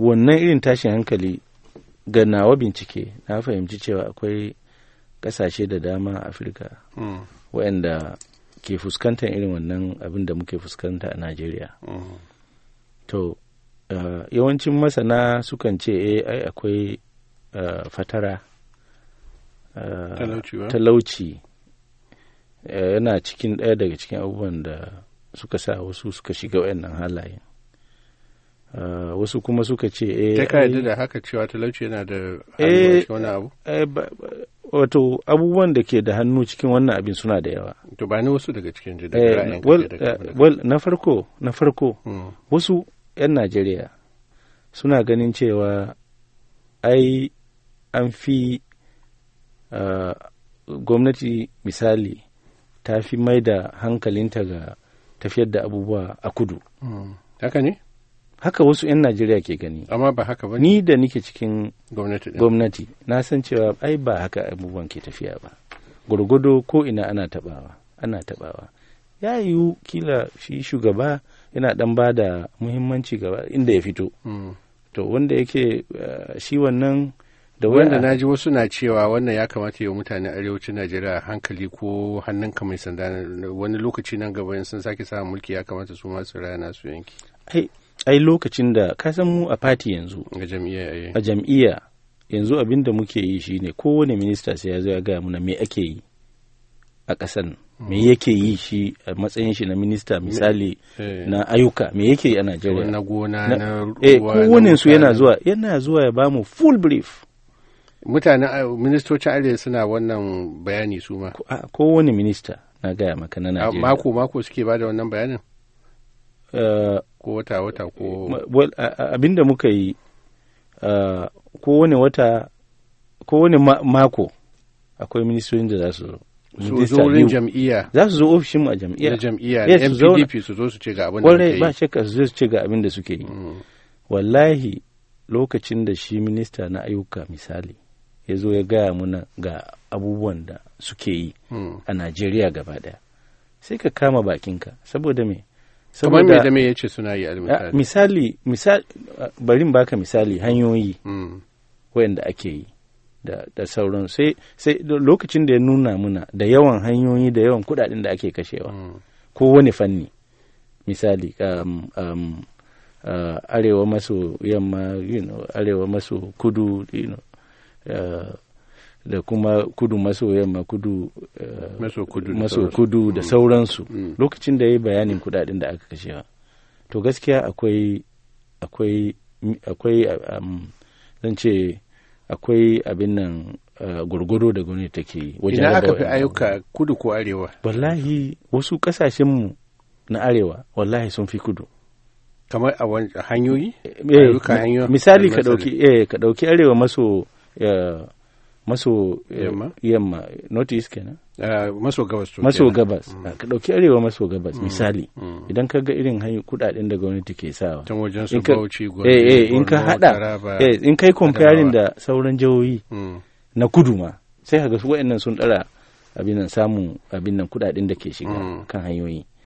wannan irin tashin hankali ga nawa bincike na fahimci cewa akwai kasashe da dama a afirka mm. waɗanda ke fuskantar irin wannan abin da muke fuskanta a najeriya mm. to yawancin masana sukan ce eh, ai akwai fatara talauci yana cikin ɗaya daga cikin abubuwan da suka sa wasu suka shiga waɗannan halayen Uh, wasu kuma suka ce eh ta da haka cewa talauci yana da eh, wani abu eh, wato abubuwan da ke da hannu cikin wannan abin suna da yawa to ba ni wasu daga cikin jida eh, well, uh, na farko na farko hmm. wasu 'yan najeriya suna ganin cewa ai an fi eh, gwamnati misali ta fi mai da hankalinta ga tafiyar da abubuwa a kudu hmm. haka ne haka wasu 'yan najeriya ke gani amma ba haka ba ni da nike cikin gwamnati na san cewa ai ba haka abubuwan ke tafiya ba gwargwado ko ina ana tabawa ana tabawa ya yiwu kila shi shugaba yana dan ba da muhimmanci gaba inda ya fito mm. to wanda yake eh, shi wannan da wanda na ji wasu na cewa wannan ya kamata yi mutane arewacin najeriya hankali ko hannun mai sanda wani lokaci nan gaba sun sake samun mulki ya kamata su masu rana su yanki ai lokacin da ka san mu a fati yanzu eh. a jam'iyya yanzu abin da muke yi shine kowane minista sai ya zo ya gaya muna me ake yi a ƙasan me mm. yake yi shi a matsayin shi na minista misali eh. na ayyuka me yake yi a Najeriya na gona na eh, ruwa kowane su yana zuwa yana zuwa ya bamu full brief mutanen ministocin arewa suna wannan bayani su ma kowane minista na gaya maka na Najeriya mako mako suke bada wannan bayanin wata-wata ko abinda muka yi kowane wata kowane mako akwai ministorin da za su zo su zo jam'iyya za su zo ofishinmu a jam'iyya da jam'iyya su zo su ce ga abin da suke yi ba shakka su zo su ce ga abin da suke yi mm. wallahi lokacin da shi minista na ayyuka misali ya zo ya gaya muna ga abubuwan da suke yi mm. a najeriya gaba daya sai ka kama bakinka saboda me kamar me da me yace suna yi almisali misali misali bari baka misali hanyoyi mm. wayanda ake yi da, da sauran sai sai lokacin da ya nuna muna da yawan hanyoyi da yawan kudaden da ake kashewa mm. ko wani fanni misali um, um, uh, arewa maso yamma you know, arewa maso kudu you know, uh, da kuma kudu maso yamma kudu maso eh, kudu, maso kudu da sauransu mm. Mm. lokacin da ya yi bayanin kudaden da aka kashe to gaskiya akwai akwai akwai um, zan ce akwai abin nan uh, da gwani take yi wajen aka fi ayyuka kudu ko arewa wallahi wasu kasashenmu na arewa wallahi sun fi kudu kamar a eh, hanyoyi misali ka dauki arewa maso maso eh, yamma north east kenan eh, maso gabas maso gabas mm. ka dauki arewa maso gabas mm. misali mm. idan ka ga irin hanyar kudaden da gwamnati ke sawa can wajen su bauchi eh, eh in ka hada in kai comparing da sauran jihohi na kudu ma sai ka ga su wayannan sun dara abin nan samun abin nan kudaden da ke shiga kan hanyoyi